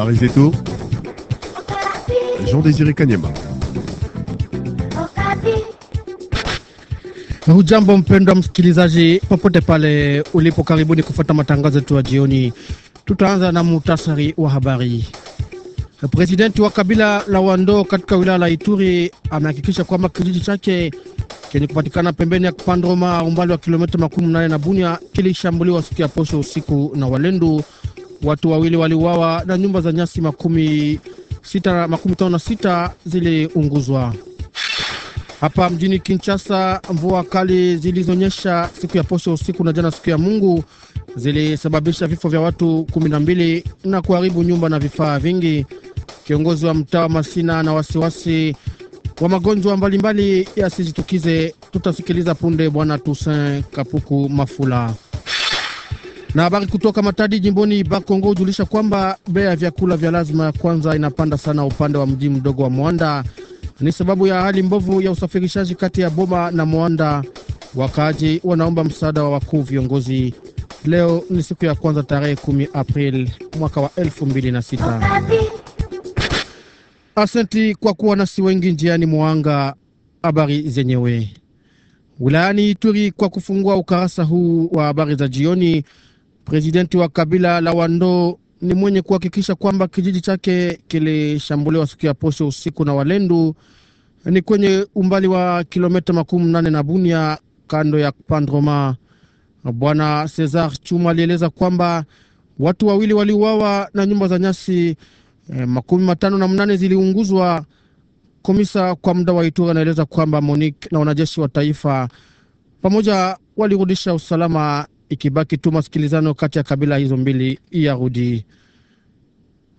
Marizetto, Jean-Désiré Kanyama. Hujambo mpendwa msikilizaji, popote pale ulipo, karibuni kufuata matangazo yetu ya jioni. Tutaanza na muhtasari wa habari. Presidenti wa kabila la Wando katika wilaya Ituri amehakikisha kwamba kijiji chake pembeni Pandroma wa kilomita na siku na Walendu Watu wawili waliuawa na nyumba za nyasi makumi sita, makumi tano na sita ziliunguzwa. Hapa mjini Kinshasa, mvua kali zilizonyesha siku ya posho usiku na jana siku ya Mungu zilisababisha vifo vya watu kumi na mbili na kuharibu nyumba na vifaa vingi. Kiongozi wa mtaa wa Masina na wasiwasi wa magonjwa mbalimbali yasijitukize. Tutasikiliza punde Bwana Toussaint Kapuku Mafula. Na habari kutoka Matadi jimboni Bakongo hujulisha kwamba bei ya vyakula vya lazima ya kwanza inapanda sana upande wa mji mdogo wa Mwanda. Ni sababu ya hali mbovu ya usafirishaji kati ya Boma na Mwanda. Wakaaji wanaomba msaada wa wakuu viongozi. Leo ni siku ya kwanza tarehe 10 Aprili mwaka wa 2006. asenti kwa kuwa nasi wengi njiani mwanga. Habari zenyewe wilayani Ituri kwa kufungua ukarasa huu wa habari za jioni presidenti wa kabila la Wando ni mwenye kuhakikisha kwamba kijiji chake kilishambuliwa siku ya posho usiku na Walendu, ni kwenye umbali wa kilometa makumi nane na Bunia, kando ya Pandroma. Bwana Cesar Chuma alieleza kwamba watu wawili waliuawa na nyumba za nyasi eh, makumi matano na mnane ziliunguzwa. Komisa kwa muda wa Ituri anaeleza kwamba Monique na wanajeshi wa taifa pamoja walirudisha usalama ikibaki tu masikilizano kati ya kabila hizo mbili yarudi.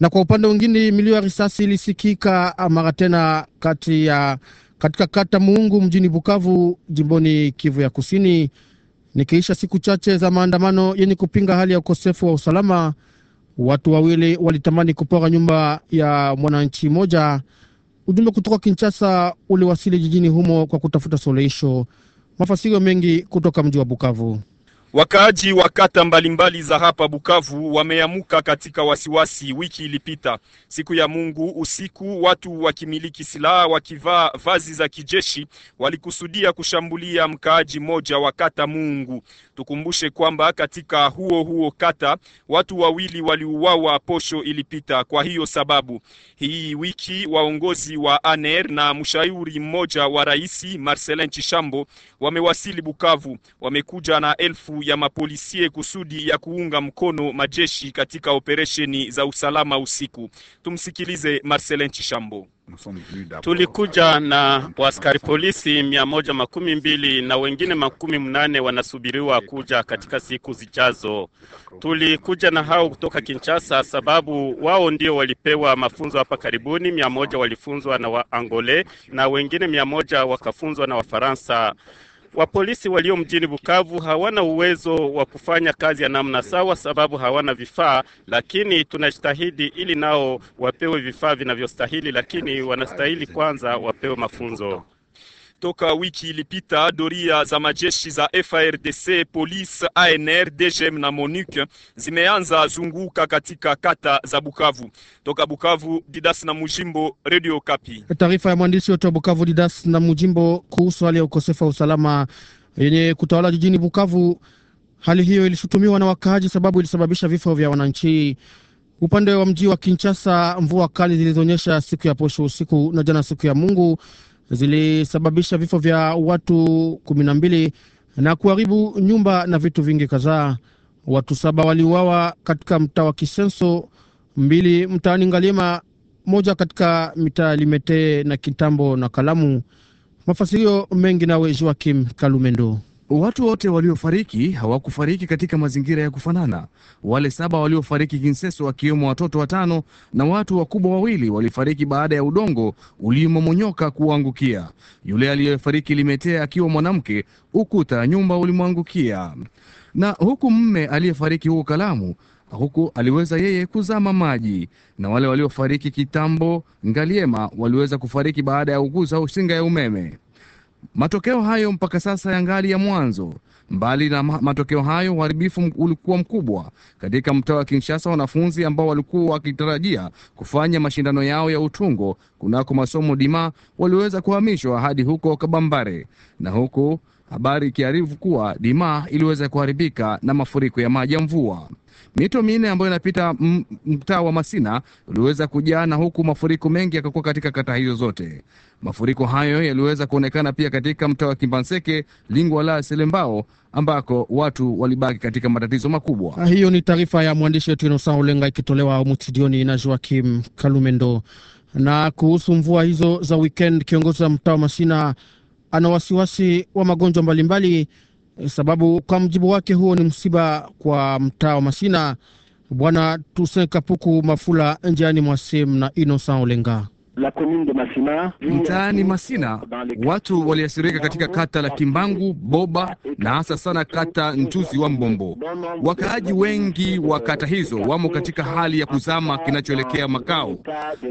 Na kwa upande mwingine, milio ya risasi ilisikika mara tena kati ya katika kata Muungu mjini Bukavu, jimboni Kivu ya Kusini, nikiisha siku chache za maandamano yenye kupinga hali ya ukosefu wa usalama. Watu wawili walitamani kupora nyumba ya mwananchi mmoja. Ujumbe kutoka Kinshasa uliwasili jijini humo kwa kutafuta suluhisho. Mafasirio mengi kutoka mji wa Bukavu. Wakaaji wa kata mbalimbali za hapa Bukavu wameamuka katika wasiwasi. Wiki ilipita siku ya Mungu usiku, watu wakimiliki silaha wakivaa vazi za kijeshi walikusudia kushambulia mkaaji mmoja wa kata Mungu. Tukumbushe kwamba katika huo huo kata watu wawili waliuawa posho ilipita. Kwa hiyo sababu hii wiki waongozi wa ANR na mshauri mmoja wa rais Marcelin Chishambo wamewasili Bukavu. Wamekuja na elfu ya mapolisie kusudi ya kuunga mkono majeshi katika operesheni za usalama usiku. Tumsikilize Marcelin Chishambo. Tulikuja na waskari polisi mia moja makumi mbili na wengine makumi mnane wanasubiriwa kuja katika siku zijazo. Tulikuja na hao kutoka Kinshasa sababu wao ndio walipewa mafunzo hapa karibuni. Mia moja walifunzwa na Waangole na wengine mia moja wakafunzwa na Wafaransa wa polisi walio mjini Bukavu hawana uwezo wa kufanya kazi ya namna sawa, sababu hawana vifaa, lakini tunajitahidi ili nao wapewe vifaa vinavyostahili, lakini wanastahili kwanza wapewe mafunzo. Toka wiki ilipita doria za majeshi za FARDC, polisi, ANR, DGM na MONUC zimeanza zunguka katika kata za Bukavu. Toka Bukavu, Didas na Mujimbo, Radio Kapi. Taarifa ya mwandishi wetu wa Bukavu, Didas na Mujimbo, kuhusu hali ya ukosefu wa usalama yenye kutawala jijini Bukavu. Hali hiyo ilishutumiwa na wakaaji sababu ilisababisha vifo vya wananchi. Upande wa mji wa Kinshasa, mvua kali zilizonyesha siku ya posho usiku na jana siku ya Mungu zilisababisha vifo vya watu kumi na mbili na kuharibu nyumba na vitu vingi kadhaa. Watu saba waliuawa katika mtaa wa Kisenso, mbili mtaani Ngalima, moja katika mitaa Limete na Kitambo na Kalamu. mafasilio mengi nawe Joakim Kalumendo. Watu wote waliofariki hawakufariki katika mazingira ya kufanana. Wale saba waliofariki Kinseso, wakiwemo watoto watano na watu wakubwa wawili, walifariki baada ya udongo ulimomonyoka kuangukia. Yule aliyefariki Limetea akiwa mwanamke, ukuta nyumba ulimwangukia, na huku mme aliyefariki huko Kalamu huku aliweza yeye kuzama maji. Na wale waliofariki Kitambo Ngaliema waliweza kufariki baada ya uguza au ya umeme. Matokeo hayo mpaka sasa yangali ya mwanzo. Mbali na matokeo hayo, uharibifu ulikuwa mkubwa katika mtaa wa Kinshasa. Wanafunzi ambao walikuwa wakitarajia kufanya mashindano yao ya utungo kunako masomo Dima waliweza kuhamishwa hadi huko Kabambare na huku habari ikiarifu kuwa Dima iliweza kuharibika na mafuriko ya maji ya mvua. Mito minne ambayo inapita mtaa wa Masina uliweza na huku mafuriko mengi yakakuwa katika kata hizo zote. Mafuriko hayo yaliweza kuonekana pia katika mtaa wa Kimbanseke, Lingwa la Selembao, ambako watu walibaki katika matatizo makubwa. Ah, hiyo ni taarifa ya mwandishi wetu Inosa Olenga ikitolewa umustudioni na Joakim Kalumendo. Na kuhusu mvua hizo za weekend, kiongozi wa mtaa wa Masina ana wasiwasi wa magonjwa mbalimbali, eh, sababu kwa mjibu wake huo ni msiba kwa mtaa wa Masina. Bwana Tusen Kapuku Mafula, njiani mwa simu na Inosan Olenga. Mtaani Masina watu waliathirika katika kata la Kimbangu Boba na hasa sana kata Ntuzi wa Mbombo. Wakaaji wengi wa kata hizo wamo katika hali ya kuzama kinachoelekea makao.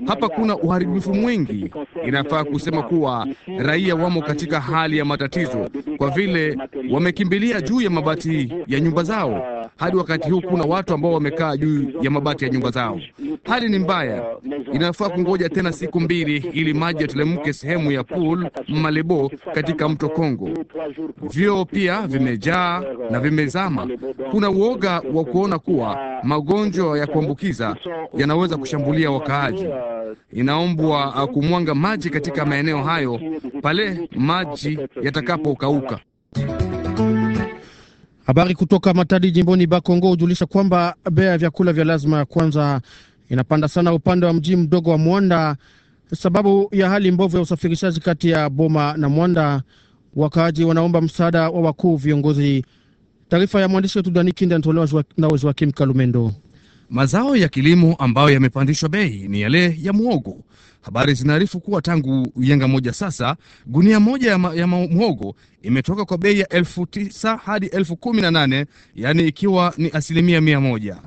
Hapa kuna uharibifu mwingi. Inafaa kusema kuwa raia wamo katika hali ya matatizo kwa vile wamekimbilia juu ya mabati ya nyumba zao. Hadi wakati huu kuna watu ambao wamekaa juu ya mabati ya nyumba zao. Hali ni mbaya, inafaa kungoja tena siku mbili ili maji yatelemke sehemu ya pool Malebo katika mto Kongo. Vyoo pia vimejaa na vimezama. Kuna uoga wa kuona kuwa magonjwa ya kuambukiza yanaweza kushambulia wakaaji. Inaombwa kumwanga maji katika maeneo hayo pale maji yatakapokauka. Habari kutoka Matadi jimboni Bakongo hujulisha kwamba bei ya vyakula vya lazima ya kwanza inapanda sana upande wa mji mdogo wa Mwanda sababu ya hali mbovu ya usafirishaji kati ya Boma na Mwanda. Wakaaji wanaomba msaada wa wakuu viongozi. Taarifa ya mwandishi wetu Dani Kinda inatolewa na Joakim Kalumendo. Mazao ya kilimo ambayo yamepandishwa bei ni yale ya mwogo. Habari zinaarifu kuwa tangu yenga moja sasa, gunia moja ya, ya mwogo imetoka kwa bei ya elfu tisa hadi elfu kumi na nane yaani ikiwa ni asilimia mia moja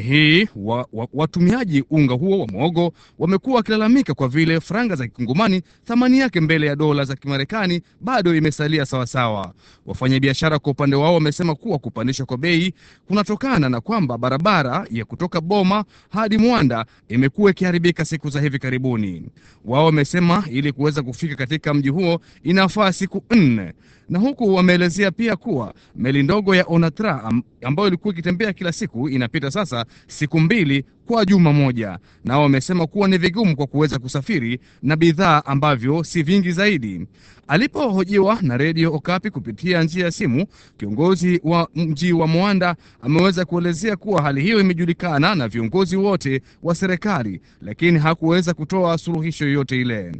hii wa, wa, watumiaji unga huo wa mwogo wamekuwa wakilalamika kwa vile franga za kikungumani thamani yake mbele ya dola za Kimarekani bado imesalia sawasawa. Wafanyabiashara kwa upande wao wamesema kuwa kupandishwa kwa bei kunatokana na kwamba barabara ya kutoka Boma hadi Mwanda imekuwa ikiharibika siku za hivi karibuni. Wao wamesema ili kuweza kufika katika mji huo inafaa siku nne na huku wameelezea pia kuwa meli ndogo ya Onatra ambayo ilikuwa ikitembea kila siku inapita sasa siku mbili kwa juma moja. Nao wamesema kuwa ni vigumu kwa kuweza kusafiri na bidhaa ambavyo si vingi zaidi. Alipohojiwa na redio Okapi kupitia njia ya simu, kiongozi wa mji wa mwanda ameweza kuelezea kuwa hali hiyo imejulikana na viongozi wote wa serikali, lakini hakuweza kutoa suluhisho yoyote ile.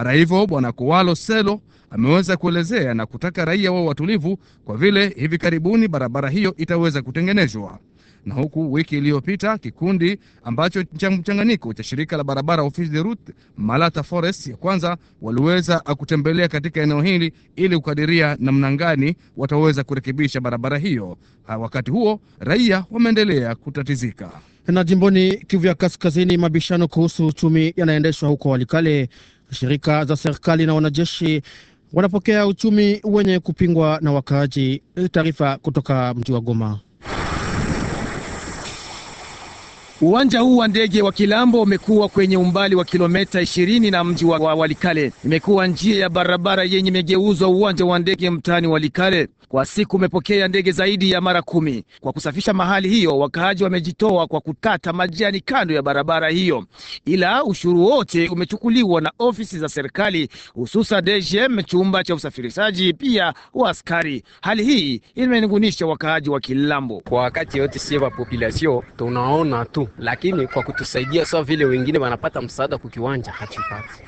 Hata hivyo, Bwana Kualo Selo ameweza kuelezea na kutaka raia wao watulivu, kwa vile hivi karibuni barabara hiyo itaweza kutengenezwa na huku wiki iliyopita kikundi ambacho cha mchanganyiko cha shirika la barabara Office de Route Malata Forest ya kwanza waliweza kutembelea katika eneo hili ili kukadiria namna gani wataweza kurekebisha barabara hiyo. Ha, wakati huo raia wameendelea kutatizika. Na jimboni Kivu ya Kaskazini, mabishano kuhusu uchumi yanaendeshwa huko Walikale. Shirika za serikali na wanajeshi wanapokea uchumi wenye kupingwa na wakaaji. E, taarifa kutoka mji wa Goma. Uwanja huu wa ndege wa Kilambo umekuwa kwenye umbali wa kilometa ishirini na mji wa Walikale. Imekuwa njia ya barabara yenye imegeuzwa uwanja wa ndege mtaani Walikale. Kwa siku umepokea ndege zaidi ya mara kumi. Kwa kusafisha mahali hiyo, wakaaji wamejitoa kwa kukata majani kando ya barabara hiyo, ila ushuru wote umechukuliwa na ofisi za serikali, hususan DGM, chumba cha usafirishaji, pia wa askari. Hali hii imenungunisha wakaaji wa Kilambo. Kwa wakati yote si wa population tunaona tu, lakini kwa kutusaidia sawa vile wengine wanapata msaada kukiwanja hatupati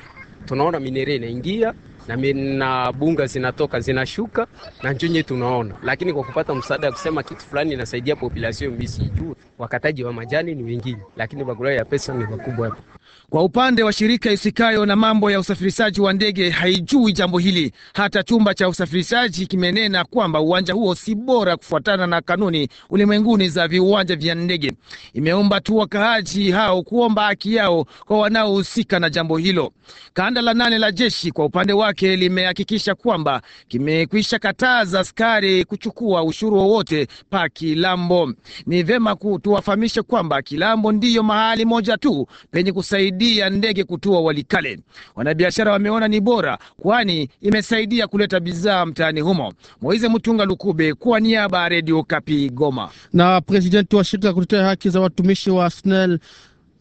tunaona minere inaingia na mina bunga zinatoka zinashuka na njonye tunaona, lakini kwa kupata msaada ya kusema kitu fulani inasaidia population mbisi juu wakataji wa majani ni wengine, lakini bagulai ya pesa ni wakubwa hapa. Kwa upande wa shirika isikayo na mambo ya usafirishaji wa ndege haijui jambo hili. Hata chumba cha usafirishaji kimenena kwamba uwanja huo si bora kufuatana na kanuni ulimwenguni za viwanja vya ndege. Imeomba tu wakaaji hao kuomba haki yao kwa wanaohusika na jambo hilo. Kanda la nane la jeshi kwa upande wake limehakikisha kwamba kimekwisha kataza askari kuchukua ushuru wowote pa Kilambo. Ni vema tuwafahamishe kwamba Kilambo ndiyo mahali moja tu penye kusaidia bidii ya ndege kutua Walikale. Wanabiashara wameona ni bora, kwani imesaidia kuleta bidhaa mtaani humo. Moise Mtunga Lukube kwa niaba ya Redio Kapi Goma. Na presidenti wa shirika kutetea haki za watumishi wa SNEL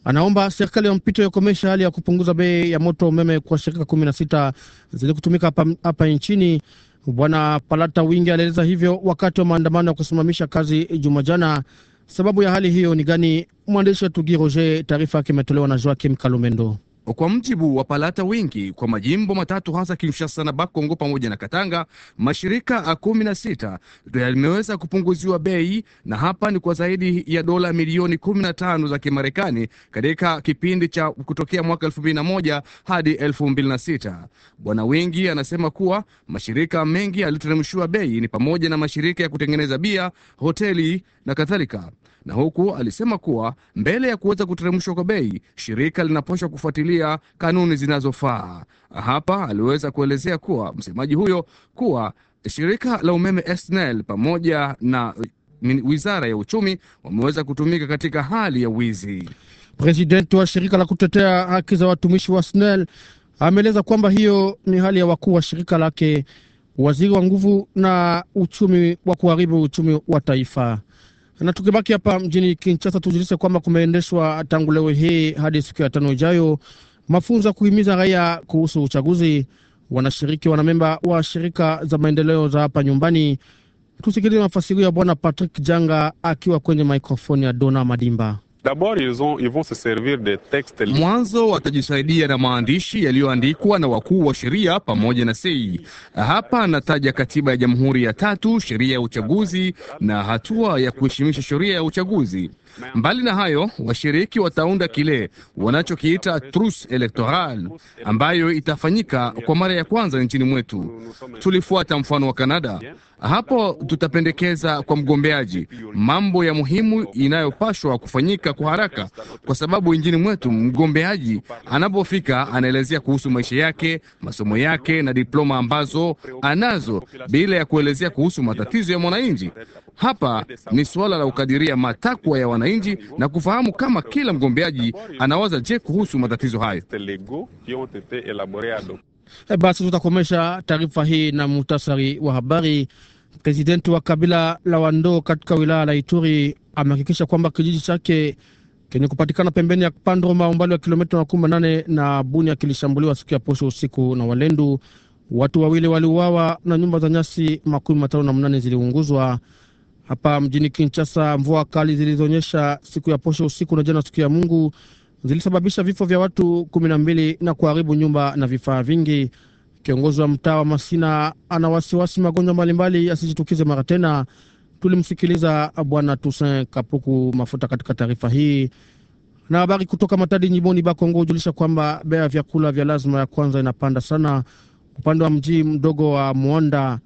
anaomba serikali ya mpito yakomesha hali ya kupunguza bei ya moto umeme kwa shirika kumi na sita zili kutumika hapa nchini. Bwana Palata Wingi alieleza hivyo wakati wa maandamano ya kusimamisha kazi Jumajana. Sababu ya hali hiyo ni gani? Mwandishi wetu Guy taarifa yake imetolewa na Joakim Kalumendo. Kwa mjibu wa palata wingi kwa majimbo matatu hasa Kinshasa na Bakongo pamoja na Katanga, mashirika kumi na sita yameweza kupunguziwa bei, na hapa ni kwa zaidi ya dola milioni kumi na tano za Kimarekani katika kipindi cha kutokea mwaka elfu mbili na moja hadi elfu mbili na sita. Bwana Wingi anasema kuwa mashirika mengi yaliyoteremshiwa bei ni pamoja na mashirika ya kutengeneza bia, hoteli na kadhalika, na huku alisema kuwa mbele ya kuweza kuteremshwa kwa bei, shirika linapaswa kufuatilia sheria kanuni zinazofaa. Hapa aliweza kuelezea kuwa msemaji huyo kuwa shirika la umeme SNEL pamoja na wizara ya uchumi wameweza kutumika katika hali ya wizi. Presidenti wa shirika la kutetea haki za watumishi wa SNEL ameeleza kwamba hiyo ni hali ya wakuu wa shirika lake, waziri wa nguvu na uchumi wa kuharibu uchumi wa taifa. Na tukibaki hapa mjini Kinshasa, tujulishe kwamba kumeendeshwa tangu leo hii hadi siku ya tano ijayo mafunzo ya kuhimiza raia kuhusu uchaguzi. Wanashiriki wanamemba wa shirika za maendeleo za hapa nyumbani. Tusikilize mafasirio ya Bwana Patrick Janga akiwa kwenye mikrofoni ya Dona Madimba. Mwanzo watajisaidia na maandishi yaliyoandikwa na wakuu wa sheria pamoja na sei. Hapa anataja katiba ya Jamhuri ya tatu, sheria ya uchaguzi na hatua ya kuheshimisha sheria ya uchaguzi. Mbali na hayo, washiriki wataunda kile wanachokiita trus electoral ambayo itafanyika kwa mara ya kwanza nchini mwetu. Tulifuata mfano wa Kanada. Hapo tutapendekeza kwa mgombeaji mambo ya muhimu inayopashwa kufanyika kwa haraka, kwa sababu nchini mwetu mgombeaji anapofika anaelezea kuhusu maisha yake, masomo yake na diploma ambazo anazo bila ya kuelezea kuhusu matatizo ya mwananchi. Hapa ni suala la kukadiria matakwa ya wananchi na kufahamu kama kila mgombeaji anawaza je kuhusu matatizo hayo. E, basi tutakomesha taarifa hii na muhtasari wa habari. Presidenti wa kabila la Wandoo katika wilaya la Ituri amehakikisha kwamba kijiji chake kenye kupatikana pembeni ya Pandroma umbali wa kilomita makumi manane na Bunia kilishambuliwa siku ya posho usiku na Walendu. Watu wawili waliuawa na nyumba za nyasi makumi matano na mnane ziliunguzwa. Hapa mjini Kinshasa, mvua kali zilizoonyesha siku ya posho usiku na jana siku ya Mungu zilisababisha vifo vya watu kumi na mbili na kuharibu nyumba na vifaa vingi. Kiongozi wa mtaa wa Masina ana wasiwasi magonjwa mbalimbali asijitukize mara tena. Tulimsikiliza Bwana Toussaint Kapuku Mafuta katika taarifa hii. Na habari kutoka Matadi nyimoni Bakongo hujulisha kwamba bei ya vyakula vya lazima ya kwanza inapanda sana upande wa mji mdogo wa Mwanda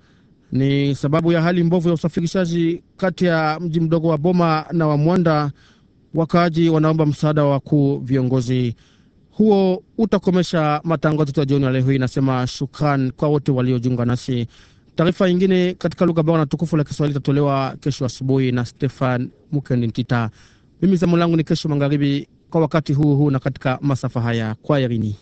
ni sababu ya hali mbovu ya usafirishaji kati ya mji mdogo wa Boma na wa Mwanda. Wakaaji wanaomba msaada wa wakuu viongozi. Huo utakomesha matangazo yetu ya jioni ya leo hii. Inasema shukran kwa wote waliojiunga nasi. Taarifa nyingine katika lugha bora na tukufu la Kiswahili itatolewa kesho asubuhi na Stefan Mukendi Ntita. Mimi zamu langu ni kesho magharibi, kwa wakati huu huu na katika masafa haya. Kwa herini.